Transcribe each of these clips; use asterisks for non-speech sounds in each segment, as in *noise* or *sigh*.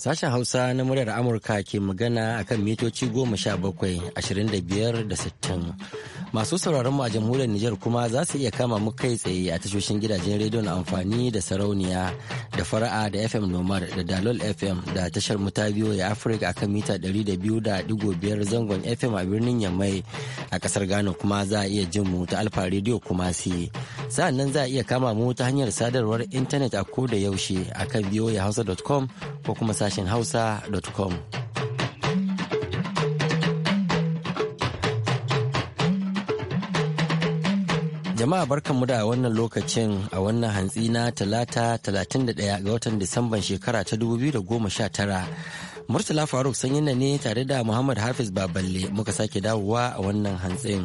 Sashen Hausa na muryar Amurka ke magana a kan mitoci goma sha bakwai, ashirin da biyar da sittin. Masu sauraron mu a jamhuriyar Nijar kuma za su iya kama mu kai tsaye a tashoshin gidajen rediyon amfani da sarauniya da fara'a da FM Nomad da Dalol FM da tashar mu ta biyo ya Afirka a kan mita ɗari da biyu da digo biyar zangon FM a birnin Yamai a ƙasar Ghana kuma za a iya jin mu ta Alfa rediyo kuma si. Sa'an nan za a iya kama mu ta hanyar sadarwar intanet a ko da yaushe a kan biyo ya hausa.com ko kuma sashen sashen hausa.com. Jama'a barkanmu da wannan lokacin a wannan hantsi na talata 31 ga watan Disamban shekara ta 2019. Murtala Faruk sanyi ne tare da Muhammad Hafiz Baballe muka sake dawowa a wannan hantsin.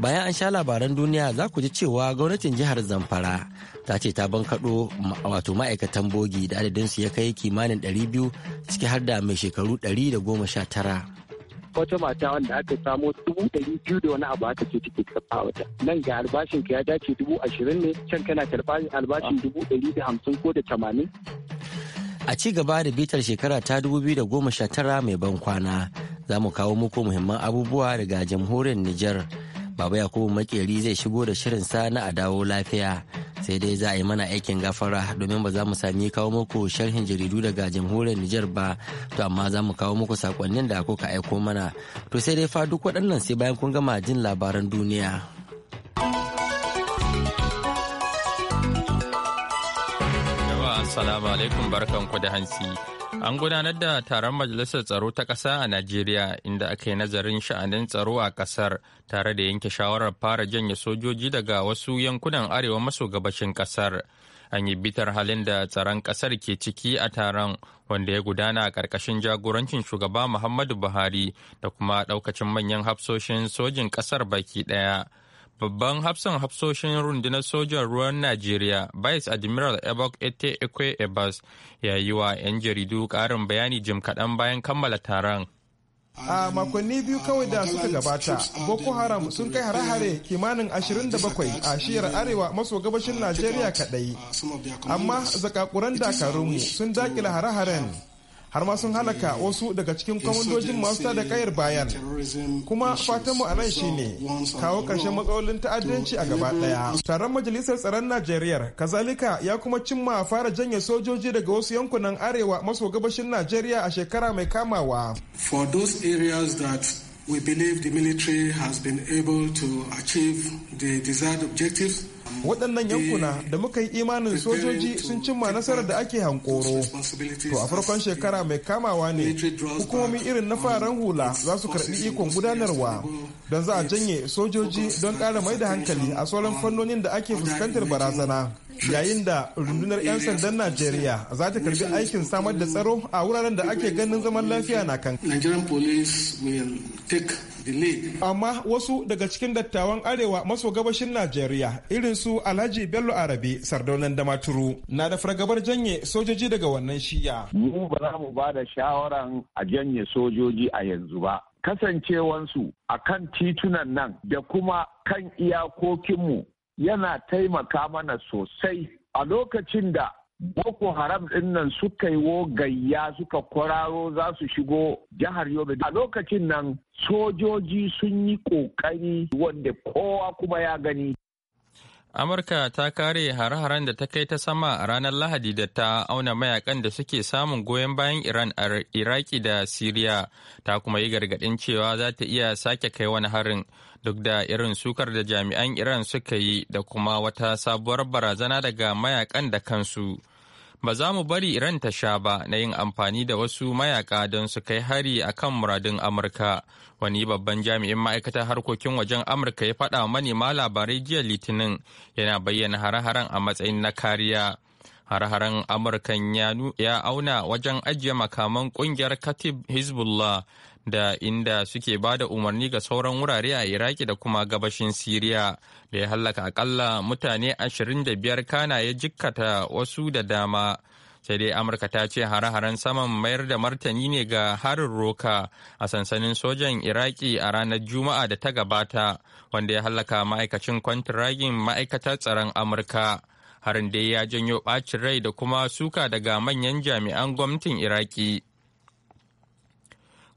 bayan an sha labaran duniya za ku ji cewa gwamnatin jihar zamfara ta ce ta bankaɗo wato ma'aikatan bogi da adadinsu ya kai kimanin 200 ciki har da mai shekaru 119 wata mata wanda aka samo dubu ɗari biyu da wani abu aka ce take karɓa wata nan ga albashin ka ya dace dubu ashirin ne can kana karɓa albashin dubu ɗari da hamsin ko da tamanin. a ci gaba da bitar shekara ta dubu biyu da goma sha tara mai ban kwana za mu kawo muku muhimman abubuwa daga jamhuriyar Nijar Baba Yakubu Makeri zai shigo da shirinsa na a dawo lafiya. Sai dai za a yi mana aikin gafara domin ba za mu sami kawo muku sharhin jaridu daga jamhuriyar Nijar ba, to amma za mu kawo muku sakonnin da kuka aiko mana. To sai dai fa duk waɗannan sai bayan kun gama jin labaran duniya. Assalamu alaikum barkanku da hansi An gudanar da taron Majalisar Tsaro ta ƙasa a Najeriya inda aka yi nazarin sha'anin tsaro a ƙasar tare da yanke shawarar fara janye sojoji daga wasu yankunan arewa maso gabashin ƙasar. An yi bitar halin da tsaron ƙasar ke ciki a taron wanda ya gudana a ƙarƙashin jagorancin shugaba Muhammadu Buhari da kuma ɗaukacin manyan hafsoshin sojin ƙasar baki ɗaya. Babban hafsan hafsoshin rundunar sojan ruwan Najeriya, Vice Admiral Ebok Ete Ekwe Ebas, ya yi wa 'yan jaridu ƙarin bayani jim kaɗan bayan kammala taron. a makonni biyu kawai da suka gabata boko haram sun kai hare-hare kimanin 27 a shiyar arewa maso gabashin najeriya kaɗai amma zakakuran dakarunmu sun dakila hare-haren har ma sun halaka wasu daga cikin kwamandojin masu da kayar bayan kuma fatan mu a nan shine kawo ƙarshen matsalolin ta'addanci a gaba ɗaya taron majalisar tsaron najeriya kazalika ya kuma cimma fara janye sojoji daga wasu yankunan arewa maso gabashin najeriya a shekara mai kamawa for those areas that we believe the military has been able to achieve the desired objectives waɗannan yankuna eh, da muka yi imanin sojoji sun cimma nasarar da ake hankoro to a farkon shekara mai kamawa ne hukumomi irin na faran hula za su karɓi ikon gudanarwa don za a janye sojoji don ƙara mai da hankali a sauran fannonin da ake fuskantar barazana yayin da rundunar 'yan sandan najeriya za ta karbi aikin samar da tsaro a wuraren da ake ganin zaman lafiya na kan Amma wasu daga cikin dattawan arewa maso gabashin Najeriya irin su Alhaji Bello Arabe Sardaunan Damaturu na da fargabar janye sojoji daga wannan shiya. Mu ba za mu ba da shawaran a janye sojoji a yanzu ba. Kasancewansu a kan titunan nan da kuma kan iyakokinmu yana taimaka mana sosai a lokacin da boko haram din nan suka yi gayya suka kwararo za su shigo jihar yobe a lokacin nan sojoji sun yi kokari wanda kowa kuma ya gani amurka ta kare hare-haren da ta kai ta sama a ranar lahadi da ta auna mayakan da suke samun goyon bayan iran a iraki da siriya ta kuma yi gargadin cewa za ta iya sake kai wani harin duk da irin sukar da jami'an Iran suka yi da kuma wata sabuwar barazana daga mayakan da kansu. ba za mu bari ran ta sha ba na yin amfani da wasu mayaka don su kai hari a kan muradun Amurka. Wani babban jami'in ma'aikatar harkokin wajen Amurka ya faɗa manema labarai jiya Litinin yana bayyana hare-haren a matsayin na kariya. Hare-haren Amurkan ya auna wajen ajiye makaman ƙungiyar Katib Hezbollah da inda suke ba da umarni ga sauran wurare a iraki da kuma gabashin siriya da ya hallaka akalla mutane 25 kana ya jikkata wasu da dama sai dai amurka ta ce hare-haren saman mayar da martani ne ga harin roka a sansanin sojan iraki a ranar juma'a da ta gabata wanda ya hallaka ma'aikacin kwantiragin ma'aikatar tsaron amurka harin dai ya janyo ɓacin rai da kuma suka daga manyan jami'an gwamnatin iraki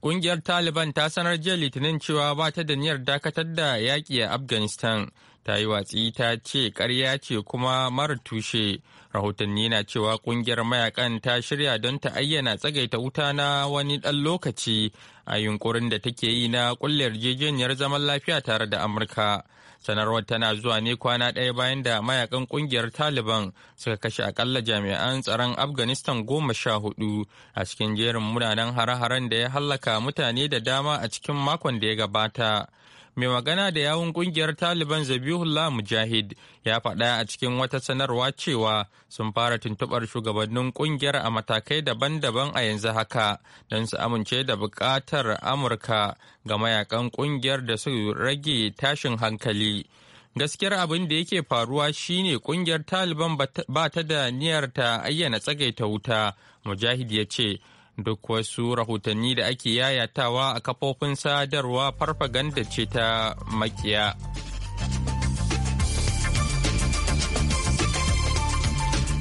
Ƙungiyar Taliban ta sanar jiya Litinin cewa ba ta da niyyar dakatar da yaƙi a Afghanistan. Ta yi watsi ta ce karya ce kuma mara tushe. Rahotanni na cewa ƙungiyar mayakan ta shirya don ta ayyana tsagaita wuta na wani ɗan lokaci a yunkurin da take yi na ƙulla jejeniyar zaman lafiya tare da Amurka. sanarwar tana zuwa ne kwana ɗaya bayan da mayakan ƙungiyar taliban suka kashe akalla jami'an tsaron afghanistan goma sha hudu a cikin jerin munanan hare-haren da ya hallaka mutane da dama a cikin makon da ya gabata mai magana da yawun kungiyar taliban zabihullah mujahid ya faɗa a cikin wata sanarwa cewa sun fara tuntuɓar shugabannin kungiyar a matakai daban-daban a yanzu haka don su amince da buƙatar amurka ga mayakan kungiyar da su rage tashin hankali gaskiyar abin da yake faruwa shine kungiyar taliban ba ta da niyyar ta ayyana tsagaita wuta mujahid ya ce duk wasu rahotanni da ake yayatawa a kafofin sadarwa farfaganda ce ta makiya.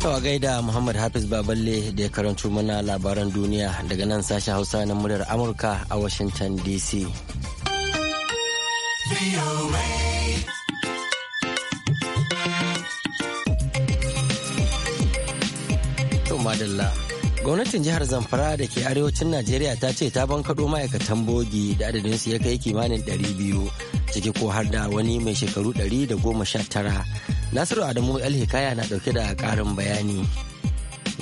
Tawa gaida Muhammad Hafiz Baballe da ya karanto mana labaran duniya daga nan sashen Hausa na muryar Amurka a Washington DC. madalla gwamnatin jihar zamfara da ke arewacin najeriya ta ce ta bankaɗo ma'aikatan bogi da adadinsu ya kai kimanin ɗari biyu ciki ko har da wani mai shekaru ɗari da goma sha tara, nasiru adamu alhikaya hikaya na ɗauke da ƙarin bayani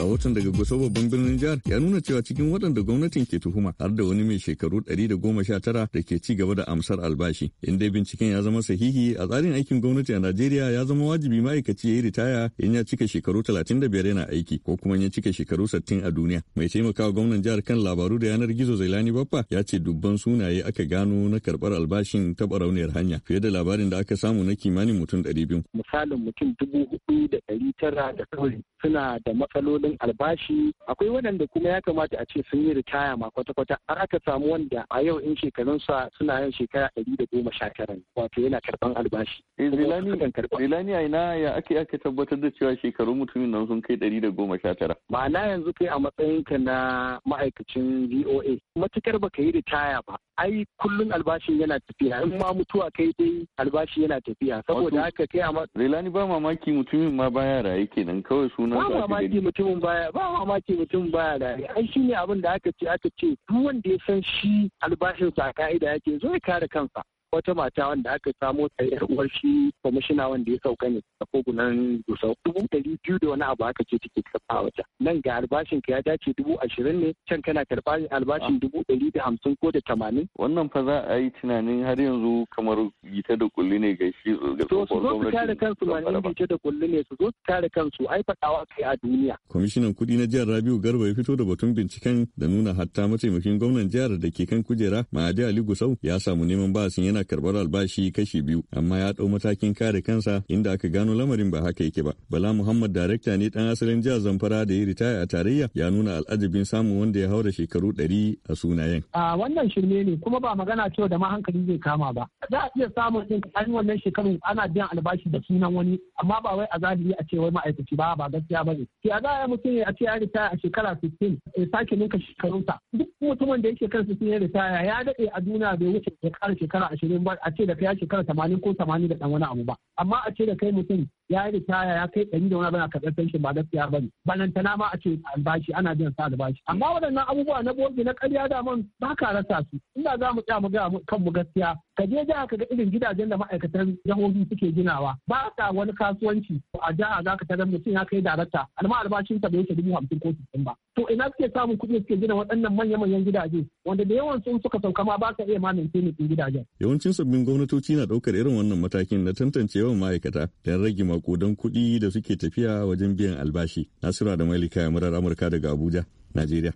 a watan daga Gusau babban birnin jihar ya nuna cewa cikin waɗanda gwamnatin ke tuhuma har da wani mai shekaru 119 da ke ci gaba da amsar albashi. In dai binciken ya zama sahihi a tsarin aikin gwamnati a Najeriya ya zama wajibi ma'aikaci ya yi ritaya in ya cika shekaru 35 yana aiki ko kuma ya cika shekaru 60 a duniya. Mai taimakawa gwamnan jihar kan labaru da yanar gizo Zailani Baffa ya ce dubban sunaye aka gano na karbar albashin ta barauniyar hanya fiye da labarin da aka samu na kimanin mutum 200. Misalin mutum 4,900 suna da matsalolin cin albashi akwai waɗanda kuma ya kamata a ce sun yi ritaya ma kwata-kwata har aka samu wanda a yau in shekarunsa suna yin shekara ɗari da goma sha tara wato yana karɓan albashi. Zilani eh, aina ya ake aka tabbatar da cewa shekarun mutumin nan sun kai ɗari da goma sha tara. Ma'ana yanzu kai a matsayinka na ma'aikacin VOA matukar ka yi ritaya ba ai kullum albashin yana tafiya in ma mutuwa kai dai albashi yana tafiya saboda haka kai a Zilani ba mamaki mutumin ma baya raye kenan kawai sunan ba mamaki mutumin baya ba mamaki mutum baya raye ai shi ne abin da aka ce aka ce duk wanda ya san shi albashinsa a ka'ida yake zo ya kare kansa wata mata wanda aka samo ta yar uwar shi kwamishina wanda ya sauka ne a kogunan dusau dubu ɗari biyu da wani abu aka ce take karɓa wata nan ga albashin ka ya dace dubu ashirin ne can kana karɓa albashin dubu ɗari da hamsin ko da tamanin. wannan fa za a yi tunanin har yanzu kamar gita da kulli ne ga shi ga su zo su kare kansu ba gita da kulli ne su zo su kare kansu ai faɗawa kai a duniya. kwamishinan kuɗi na jihar rabiu garba ya fito da batun binciken da nuna hatta mataimakin gwamnan jihar da ke kan kujera ma'adi ali gusau ya samu neman basin yana yana karɓar albashi kashi biyu amma ya ɗau matakin kare kansa inda aka gano lamarin ba haka yake ba. Bala Muhammad darekta ne ɗan asalin jihar Zamfara da ya ritaya a tarayya ya nuna al'ajabin samun wanda ya haura shekaru ɗari a sunayen. A wannan shirme ne kuma ba magana cewa da ma hankali zai kama ba. Za a iya samun ɗin an wannan shekaru ana biyan albashi da sunan wani amma ba wai a zahiri a ce wai ma'aikaci ba ba gaskiya ba ne. Ke a za a mutum ya ce ya ritaya a shekara 15 ya sake ninka shekarunsa. Duk mutumin da yake kan sun ya ritaya ya daɗe a duniya bai wuce ya ƙara shekara 20 ba a ce da kai ya shekara 80 ko 80 da ɗan wani abu ba amma a ce da kai mutum ya yi ritaya ya kai ɗari da wani a karɓar pension ba gaskiya ba ne balantana ma a ce albashi ana jin sa albashi amma waɗannan abubuwa na bogi na ƙarya da man ba ka rasa su inda za mu tsaya mu gaya kanmu gaskiya ka je jiha ka ga irin gidajen da ma'aikatan jihohi suke ginawa ba sa wani kasuwanci a jiha za ka tarar mutum ya kai darakta alma albashin sa bai wuce dubu hamsin ko sittin ba to ina suke samun kuɗi suke gina waɗannan manya-manyan gidaje wanda da yawan sun suka sauka ma ba ka iya magance mutum gidajen. yawancin sabbin gwamnatoci na ɗaukar irin wannan matakin na tantance yawan ma'aikata don rage makudan kuɗi da suke tafiya wajen biyan albashi. Nasura da Malika murar Amurka daga Abuja, Najeriya.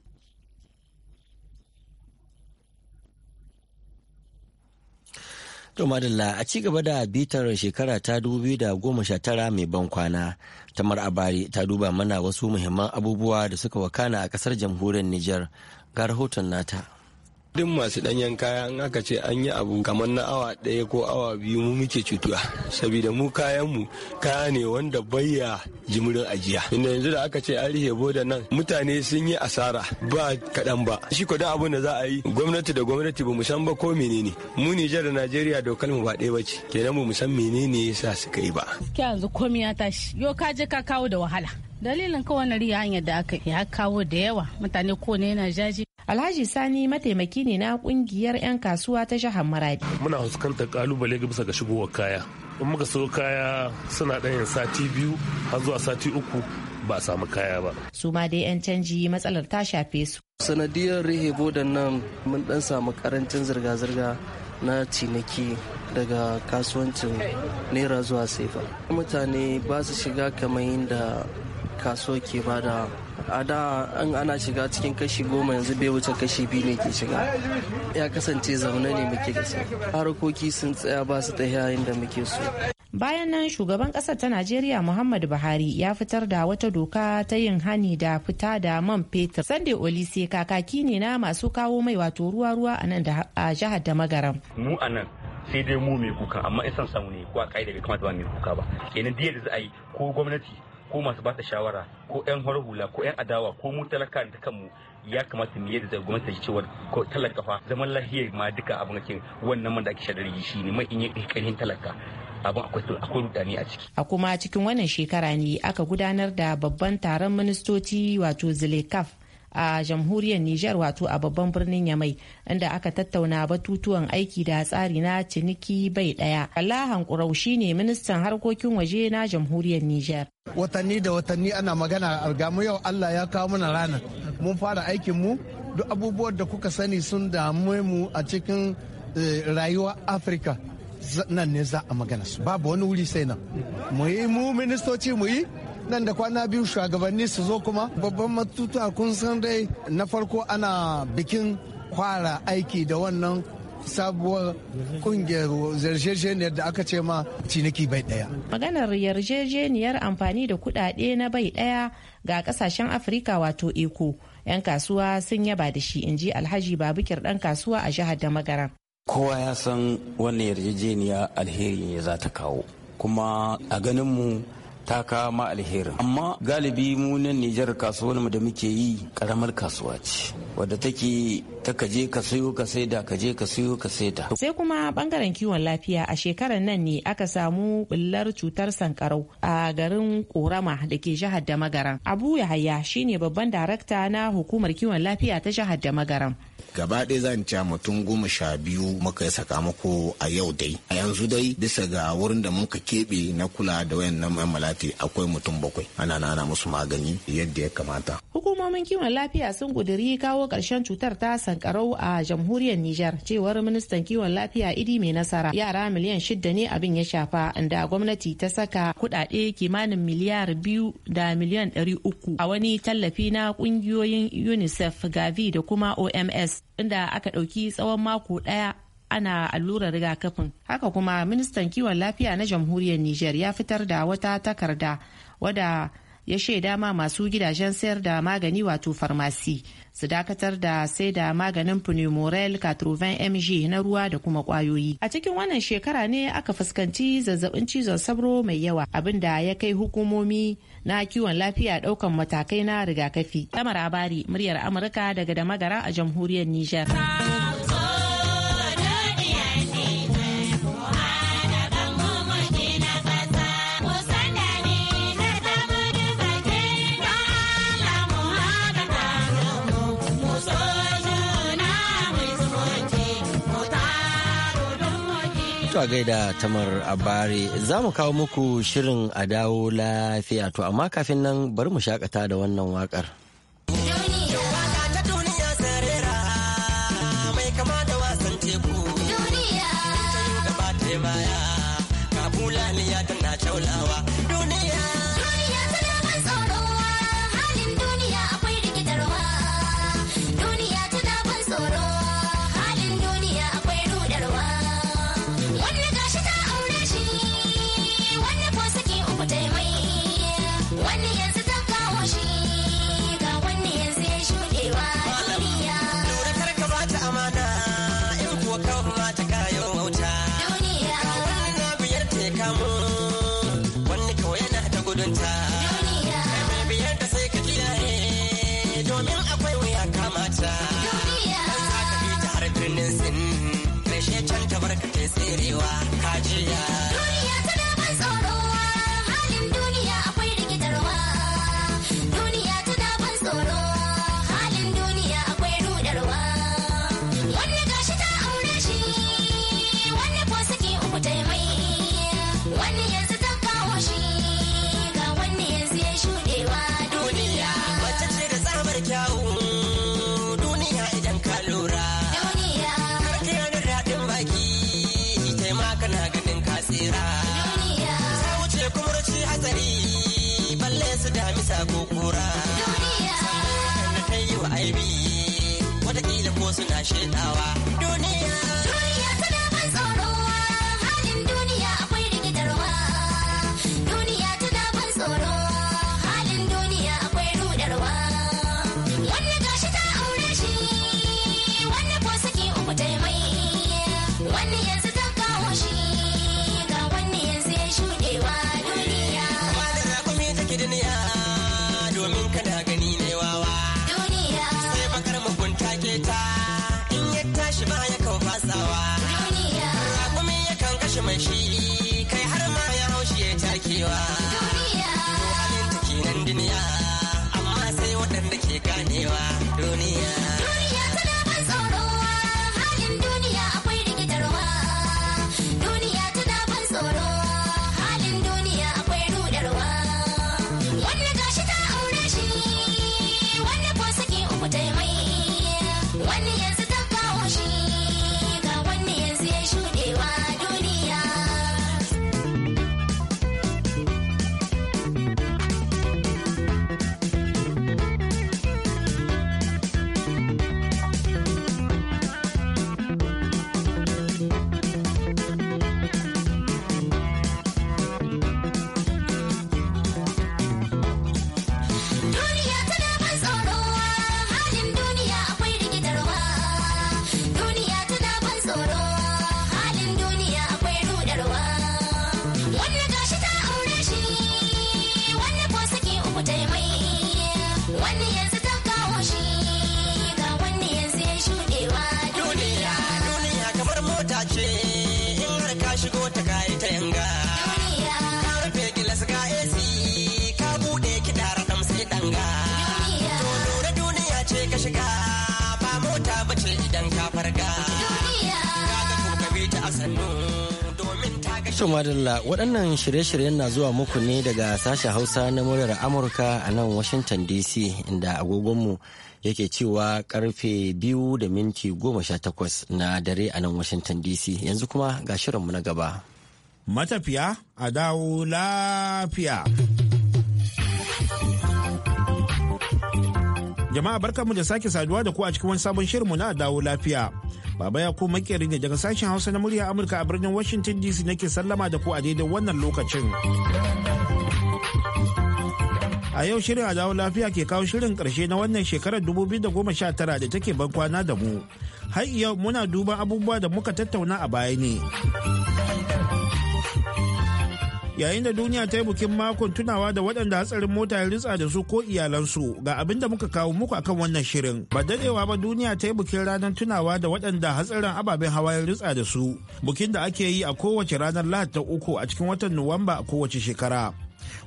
To Madalla a ci gaba da bitar shekara ta da goma sha tara mai ban kwana, Tamar Abari ta duba mana wasu muhimman abubuwa da suka wakana a kasar jamhuriyar Nijar ga rahoton nata. Duk masu danyen kaya in aka ce an yi abu kamar na awa ɗaya ko awa biyu mu muke cutuwa. Sabida mu kayan mu kaya ne wanda bayya jimurin ajiya. Inda yanzu da aka ce an rihe boda nan mutane sun yi asara ba kaɗan ba. Shi ko da abin da za a yi gwamnati da gwamnati ba mu san ba ko menene. Mu Nijar da Najeriya dokar mu ba ɗaya ba ce. Kenan ba mu san menene yasa suka yi ba. yanzu komai ya tashi. Yo ka je ka kawo da wahala. dalilin kawai na riya hanyar da aka ya kawo da yawa mutane ko ne yana jaji Alhaji Sani mataimaki ne na kungiyar 'yan kasuwa ta jihar Maradi. Muna fuskantar kalubale bisa ga shigowar kaya. In muka sayo kaya suna ɗanyen sati biyu har zuwa sati uku ba a samu kaya ba. Su ma dai 'yan canji matsalar ta shafe su. Sanadiyar rihe da nan mun ɗan samu karancin zirga-zirga na ciniki daga kasuwancin naira zuwa sefa. Mutane ba su shiga kamar yadda kasuwa ke bada a da an ana shiga cikin kashi goma yanzu bai wuce kashi biyu ne ke shiga ya kasance zaune ne muke da su harkoki sun tsaya ba su ta yayin da muke so bayan nan shugaban kasar ta najeriya muhammadu buhari ya fitar da wata doka ta yin hani da fita da man fetur sande olise kakaki ne na masu kawo mai wato ruwa-ruwa a nan da jihar da magaram mu a sai dai mu mai kuka amma isan samu ne ko a kai bai kamata ba mai kuka ba kenan da za a yi ko gwamnati ko masu ba shawara ko 'yan horar hula ko 'yan adawa ko mu talaka da kanmu ya kamata mu yadda gwamnati ta cewa ko talaka fa zaman lahiya ma duka abin da wannan man da ake shadari shi ne mai in yi talaka abin akwai rudani a ciki. A kuma cikin wannan shekara ne aka gudanar da babban taron ministoci wato Zulekaf a jamhuriyar Nijar wato a babban birnin Yamai inda aka tattauna batutuwan aiki da tsari na ciniki bai daya. Allah Hankurau ne ministan harkokin waje na jamhuriyar Nijar. Watanni da watanni ana magana a mu yau Allah ya kawo mana ranar. Mun fara aikin mu duk abubuwan da kuka sani sun damu mu a cikin eh, rayuwar Afirka. nan ne za a magana su babu wani wuri sai nan mu yi mu ministoci mu yi nan da kwana biyu shugabanni su zo kuma babban matuta kun san dai na farko ana bikin fara aiki da wannan sabuwar kungiyar yarjejeniyar da aka ce ma ciniki bai daya. Maganar yarjejeniyar amfani da kudade na bai daya ga kasashen Afirka wato eko. 'Yan kasuwa sun yaba da shi inji Alhaji Babukir dan kasuwa a jihar da magara Kowa ya san wannan yarjejeniya alheri ne za ta kawo. Kuma a ganin mu. ta kawo ma alherin amma galibi mu nan Nijar kasuwar mu da muke yi karamar kasuwa ce wadda take ta ka je ka sayo ka saida ka je ka sayo ka saida sai kuma bangaren kiwon lafiya a shekarar nan ne aka samu bullar cutar sankarau a garin korama da ke jihar da magaran abu yahaya shine babban darakta na hukumar kiwon lafiya ta jihar da magaran gaba ɗaya zan ce mutum goma sha biyu muka yi sakamako a yau dai a yanzu dai bisa ga wurin da muka keɓe na kula da wayannan malati akwai mutum bakwai ana nana musu magani yadda ya kamata hukumomin kiwon lafiya sun guduri kawo ƙarshen cutar ta sankarau a jamhuriyar Nijar cewar ministan kiwon lafiya Idi mai nasara yara miliyan shida ne abin ya shafa da gwamnati ta saka kudade kimanin miliyar biyu da miliyan ɗari uku a wani tallafi na kungiyoyin UNICEF Gavi da kuma OMS inda aka ɗauki tsawon mako ɗaya ana allurar rigakafin. Haka kuma ministan kiwon lafiya na jamhuriyar Nijar ya fitar da wata takarda wada ya shaida ma masu gidajen sayar da magani wato farmasi su dakatar da sai da maganin pneumorel 80 mg na ruwa da kuma kwayoyi. A cikin wannan shekara ne aka fuskanci zazzabin cizon sabro mai yawa abin da ya kai hukumomi na kiwon lafiya daukan matakai na rigakafi. Tamar Abari, muryar Amurka daga Damagara a jamhuriyar Nijar. To a gaida tamar abare za mu kawo muku shirin a dawo lafiya to amma kafin nan bari mu shakata da wannan wakar. ta To madalla waɗannan shirye-shiryen na zuwa muku ne daga sashen Hausa na muryar Amurka a nan Washington DC inda agogonmu yake cewa karfe biyu da minti goma sha takwas na dare a nan Washington DC yanzu kuma ga shirinmu na gaba. Matafiya a dawo lafiya. Jama'a barkanmu da sake saduwa da ku a cikin wani sabon shirinmu na dawo lafiya. Baba ya ko makeri ne daga sashen Hausa na murya Amurka a birnin Washington DC nake sallama da ku a daidai wannan lokacin. A yau shirin a dawo lafiya ke kawo shirin karshe na wannan shekarar 2019 da take ban kwana da mu. Har yau muna duban abubuwa da muka tattauna a baya ne. yayin da duniya ta yi bukin makon tunawa da waɗanda hatsarin mota ya ritsa da su ko iyalansu ga abin da muka kawo muku akan wannan shirin ba daɗewa ba duniya ta yi bukin ranar tunawa da waɗanda hatsarin ababen hawa ya ritsa da su bukin da ake yi a kowace ranar lahad ta uku a cikin watan nuwamba a kowace shekara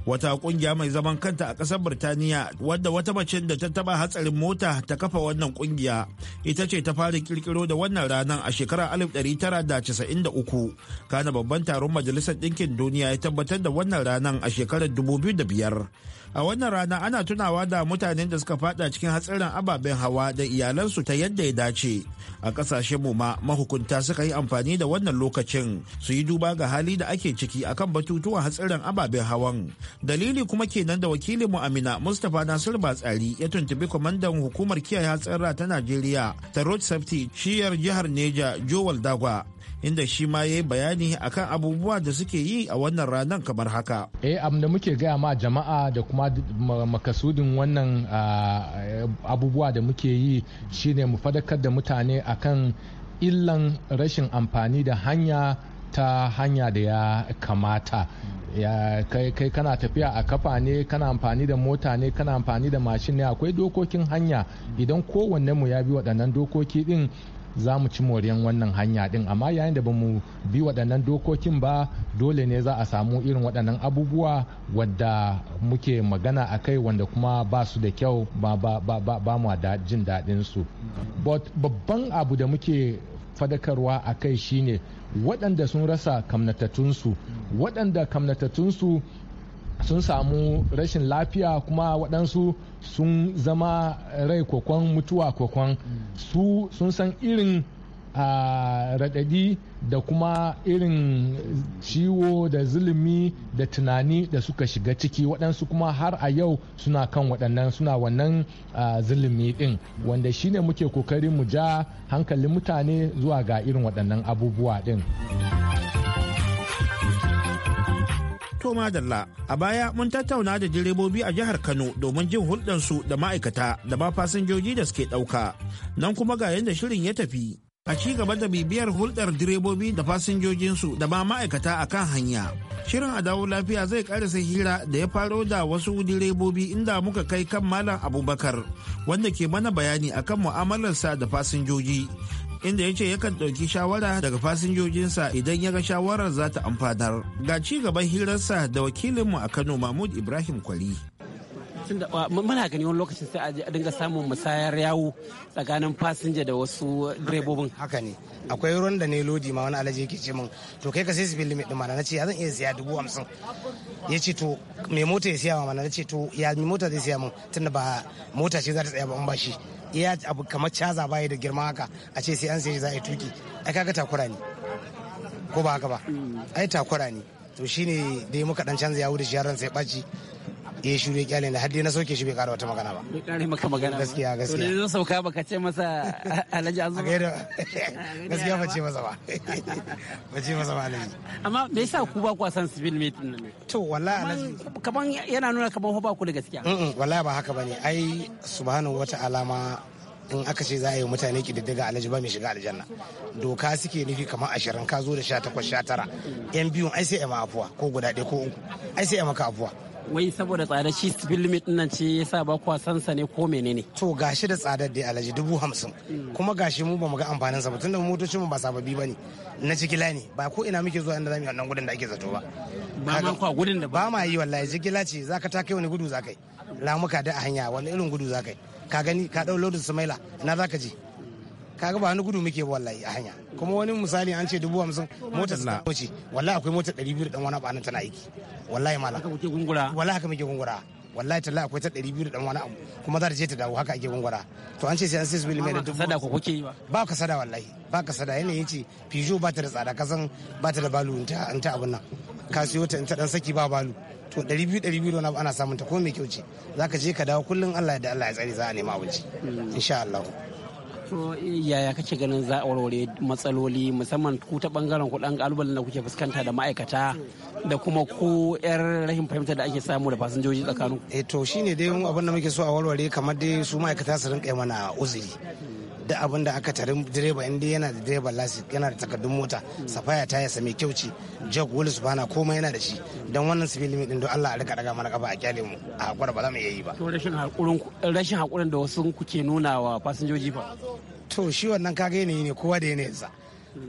wata kungiya mai zaman kanta a ƙasar Birtaniya wadda wata mace da ta taba hatsarin mota ta kafa wannan kungiya ita ce ta fara kirkiro da wannan ranar a shekarar 1993 kana babban taron majalisar ɗinkin duniya ya tabbatar da wannan ranar a shekarar 2005 a wannan rana ana tunawa da mutanen da suka fada cikin hatsarin ababen hawa da iyalansu ta yadda ya dace a kasashen mu ma mahukunta suka yi amfani da wannan lokacin su yi duba ga hali da ake ciki akan batutuwan hatsarin ababen hawan dalili kuma kenan da wakilinmu amina mustapha nasir batsari ya tuntubi kwamandan hukumar kiyaye hatsarra ta najeriya ta road safety shiyar jihar neja jowal dagwa inda shi ma ya yi bayani akan abubuwa da suke yi a wannan ranar kamar haka. Eh abin da muke gaya ma jama'a da kuma makasudin wannan ah, abubuwa da muke yi shine mu fadakar da mutane akan illan rashin amfani da hanya ta hanya da ya kamata. ya kai, kai kana tafiya a kafa ne kana amfani da mota ne kana amfani da mashin ne akwai dokokin hanya idan kowanne mu ya bi waɗannan dokoki din za mu ci moriyan wannan hanya din amma yayin da ba mu bi waɗannan dokokin ba dole ne za a samu irin waɗannan abubuwa wadda muke magana a kai wanda kuma ba su da kyau ba mu jin daɗin su babban abu da muke fadakarwa a kai shine waɗanda sun rasa kamnatatunsu waɗanda kamnatatunsu sun samu rashin lafiya kuma waɗansu sun zama rai kwakwan mutuwa kwakwan su sun san irin a raɗaɗi da kuma irin ciwo da zulumi da tunani da suka shiga ciki waɗansu kuma har a yau suna kan waɗannan suna wannan zulumi ɗin wanda shine muke kokarin mu ja hankalin mutane zuwa ga irin waɗannan abubuwa ɗin. To madalla a baya mun tattauna da direbobi a jihar Kano domin jin su da ma'aikata da ba fasinjoji da suke ɗauka. Nan kuma ga yadda shirin ya tafi. A ci gaba da bibiyar hulɗar direbobi da fasinjojinsu da ba ma'aikata a kan hanya. Shirin a dawo lafiya zai karasa hira da ya faro da wasu direbobi inda muka kai kan Malam Abubakar wanda ke mana bayani akan mu'amalarsa da fasinjoji inda ya ce yakan ɗauki shawara daga fasinjojinsa idan ya ga shawarar za ta amfanar. Ga ci gaban hirarsa da wakilinmu a Kano Mahmud Ibrahim Kwali. muna gani wani lokacin sai a dinga samun musayar yawo tsakanin fasinja da wasu direbobin haka ne akwai ruwan da ne lodi ma wani alaji yake ce min to kai ka sai speed limit mana mana ce ya zan iya siya dubu hamsin ya ce to me mota ya siya ma mana ce to ya mota zai siya min tunda ba mota ce za ta tsaya ba in ba shi iya abu kamar caza baya da girma haka a ce sai an sai za a yi tuki ai kaga takura ne ko ba haka ba mm. ai takura ne to shine dai muka dan canza ya da shi yaran sai ɓaci ya eh, shiru kyale da har dai na sauke shi bai kara wata magana ba bai kare maka magana gaskiya gaskiya to ne zo sauka baka ce masa *laughs* alhaji azu gaskiya ba ce masa ba *laughs* ba ce masa ba alhaji amma me yasa ku ba ku san civil meeting ne to wallahi alhaji kaman yana nuna kaman ba ku da gaskiya wallahi ba haka bane ai subhanahu wata alama in aka ce za a yi mutane kididdiga alhaji ba mai shiga aljanna doka suke nufi kamar ashirin ka zo da sha takwas sha tara yan biyun ai sai ya ma afuwa ko guda ɗaya ko uku ai sai ya maka afuwa wai saboda tsada shi civil limit nan ce yasa ba kwa san sa ne ko menene to gashi da tsadar da alaji dubu hamsin kuma gashi mu ba mu ga amfanin sa tunda motocin mu ba sababbi bane na jigila ne ba ko ina muke zuwa inda zamu yi wannan gudun da ake zato ba ba ma kwa gudun da ba ma yi wallahi jigila ce zaka ta kai wani gudu yi lamuka da a hanya wani irin gudu yi ka gani ka dau lodin sumaila na zaka je. kaga ba wani gudu muke bi wallahi a hanya kuma wani misali an ce dubu hamsin mota na wuce wallahi akwai mota ɗari biyu da ɗan wani abu anan tana aiki wallahi malam haka wallahi haka muke gungura wallahi talla akwai ta ɗari biyu da ɗan wani abu kuma za ta je ta dawo haka ake gungura to an ce sai an sai su bi limai dubu sada ko kuke yi ba ba ka sada wallahi ba ka sada yanayin ce pijo ba ta da tsada ka san ba ta da balu in ta in ta abin nan ka siyo ta in ta dan saki ba balu to ɗari biyu ɗari biyu na ana samun ta ko mai kyau ce za ka je ka dawo kullum Allah da Allah ya tsari za a nema abinci hmm. insha Allah To yaya kake ganin za a warware matsaloli musamman ku ta bangaren kudin kalubalen da kuke fuskanta da ma'aikata da kuma ku yar rashin fahimtar da ake samu da fasinjoji tsakanin. Eh to shine dai abin da muke so a warware kamar dai su ma'aikata su rinka mana uzuri. duk abin da aka tarin direba inda yana da direban lasi yana da takardun mota safaya ta yasa mai kyauci jog willis bana komai yana da shi don wannan civil limit din don Allah a rika daga mana kafa a kyale mu a hakura ba za mu iya yi ba rashin hakurin da wasu kuke nuna wa fasinjoji ba. to shi wannan kaga yanayi ne kowa da yanzu,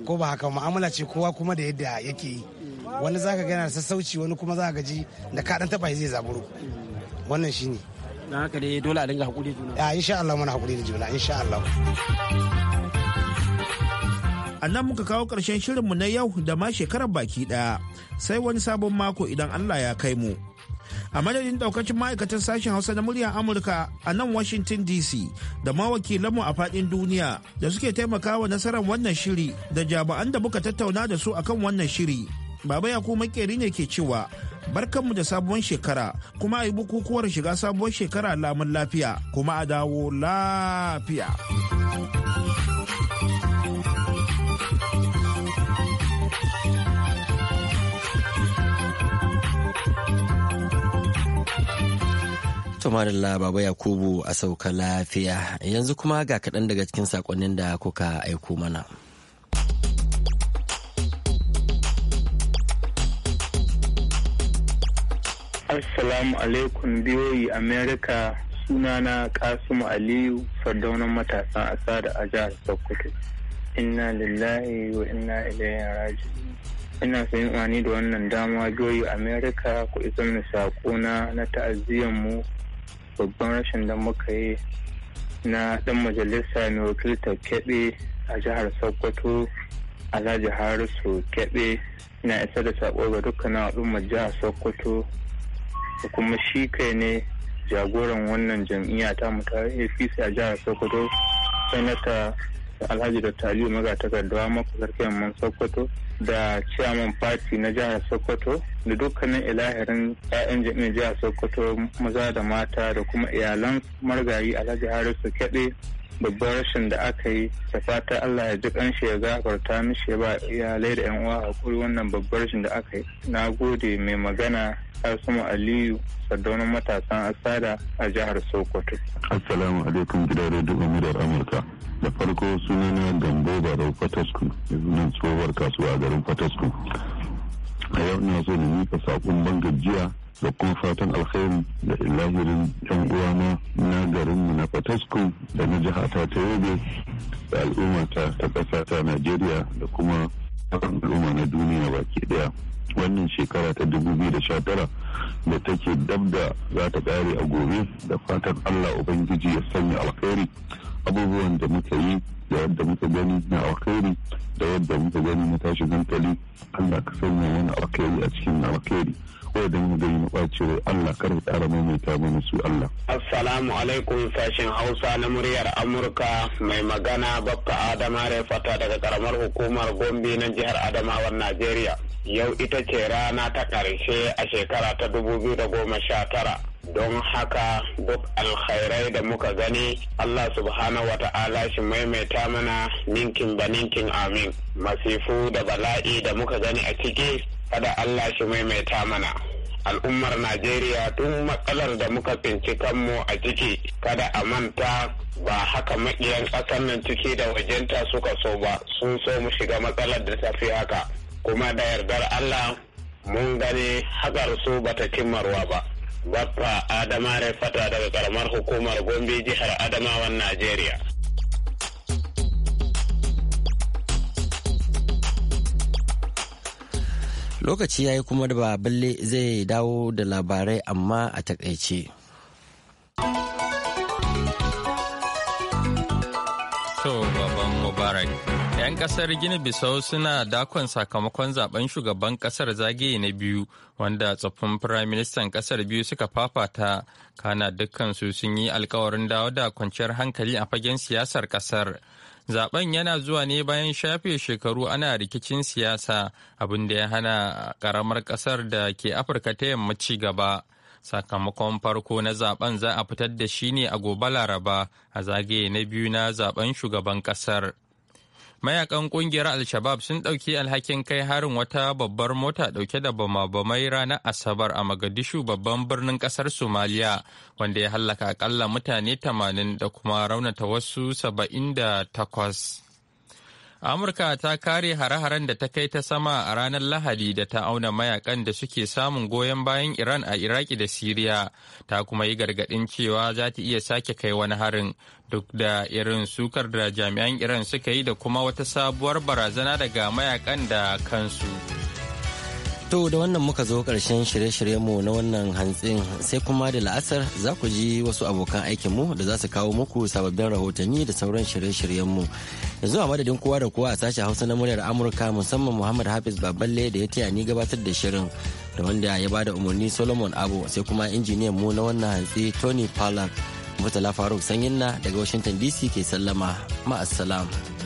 ko ba haka mu'amala ce kowa kuma da yadda yake yi wani zaka ka yana sassauci wani kuma zaka gaji da kaɗan taɓa taba zai zaburu wannan shi ne. don haka dai dole a hakuri juna insha Allah muna hakuri da juna a nan muka kawo ƙarshen shirinmu na yau da ma shekarar baki ɗaya sai wani sabon mako idan Allah ya kai mu. A madadin ɗaukacin ma'aikatan sashen Hausa na muryar Amurka a nan Washington DC da ma wakilanmu a faɗin duniya da suke taimakawa nasarar wannan shiri da jami'an da muka tattauna da su akan wannan shiri. Baba Yakubu makeri ne ke cewa barkanmu da sabuwar shekara kuma a yi bukukuwar shiga sabuwar shekara lamun lafiya kuma a dawo lafiya. Tumarilla Baba Yakubu a sauka lafiya yanzu kuma ga kaɗan daga cikin saƙonnin da kuka aiko mana. Assalamu alaikum biyoyi e Amerika sunana Kasimu Aliyu sardaunan matasan asa da a jihar Sokoto. Inna lillahi wa inna ilayhi raji. Ina sayin imani da wannan dama biyoyi e Amerika ku isa mini saƙona na ta'aziyyar mu babban rashin da muka yi na ɗan majalisa mai wakiltar keɓe a jihar Sokoto Alhaji Harisu keɓe na isa da saƙo ga dukkanin al'ummar jihar Sokoto kuma shi kai ne jagoran wannan jam'iyya ta mu ta apc a jihar sokoto sanata alhaji da taliyu maga maka sarkin man sokoto da chairman party na jihar sokoto da dukkanin ilahirin 'ya'yan jami'in jihar sokoto maza da mata da kuma iyalan margayi alhaji harisu kyaɗe babbar rashin da aka yi da fata Allah ya ji kanshi ya gafarta mishi ya ba iyalai da yan uwa hakuri wannan babbar rashin da aka yi na gode mai magana har sama Aliyu Sardaunan matasan Asada a jihar Sokoto. Assalamu alaikum gidan Radio Umidar Amurka. Da farko sunana Gambo Barau Fatasku, nan tsohuwar kasuwa garin Fatasku. A yau na so da miƙa saƙon ban gajiya da kuma fatan alkhairi da ilahirin yan uwana na garinmu na fatasku da na jihata ta yobe da al'ummata ta ƙasa ta najeriya da kuma al'umma na duniya baki daya wannan shekara ta 2019 da take dab da za ta kare a gobe da fatan allah ubangiji ya sanya alkhairi abubuwan da muka yi da yadda muka gani na alkhairi da yadda muka gani na tashi hankali allah ka sanya wani alkhairi a cikin alkhairi kawai da mu gari Allah kar mu ƙara maimaita mana su Allah. Assalamu alaikum sashen Hausa na muryar Amurka mai magana Baffa Adama Refata daga karamar hukumar Gombe na jihar Adamawa Najeriya. Yau ita ce rana ta ƙarshe a shekara ta dubu biyu da goma sha tara. don haka duk alkhairai da muka gani Allah subhanahu wa ta'ala shi maimaita mana ninkin ba ninkin amin masifu da bala'i da muka gani a ciki kada Allah shi maimaita mana. Al'ummar Najeriya tun matsalar da muka tsinci kanmu a ciki kada a manta ba haka maƙiyan ƙasar nan ciki da wajenta suka so ba sun so mu shiga matsalar da tafi haka kuma da yardar Allah mun gani hakar su ba ta cimmarwa ba. Baffa Adama Fata daga ƙaramar hukumar Gombe jihar Adamawan Najeriya. lokaci ya yi kuma da ba balle zai dawo da labarai amma a takaice. So, baban Mubarak, 'yan kasar Gini Bissau suna dakon sakamakon zaben shugaban kasar zagaye na biyu wanda tsoffin firaministan kasar biyu suka fafata kana dukkansu sun yi alkawarin dawo da kwanciyar hankali a fagen siyasar kasar. Zaben yana zuwa ne bayan shafe shekaru ana rikicin siyasa abin da ya hana karamar kasar da ke Afirka ta yamma ci gaba. Sakamakon farko na zaben za a fitar da shi ne a gobe Laraba a zagaye na biyu na zaben shugaban kasar. mayakan kungiyar al-shabab sun ɗauki alhakin kai harin wata babbar mota ɗauke da bama-bamai ranar asabar a magadishu babban birnin ƙasar somaliya wanda ya hallaka akalla mutane 80 da kuma raunata wasu 78 Amurka ta kare hare-haren da ta kai ta sama a ranar Lahadi da ta auna mayakan da suke samun goyon bayan Iran a Iraki da Siriya, ta kuma yi gargaɗin cewa za ta iya sake kai wani harin duk da irin sukar da jami'an Iran suka yi da kuma wata sabuwar barazana daga mayakan da kansu. To da wannan muka zo karshen shirye mu na wannan hantsin sai kuma da la'asar za ku ji wasu abokan aikin mu da za su kawo muku sababbin rahotanni da sauran shirye mu Yanzu a madadin kowa da kowa a sashen Hausa na muryar Amurka musamman Muhammad Hafiz Baballe da ya taya ni gabatar da shirin da wanda ya bada umarni Solomon Abu sai kuma injiniyan mu na wannan hantsi Tony Pollard. Murtala Faruk Sanyin na daga Washington DC ke sallama ma'assalam.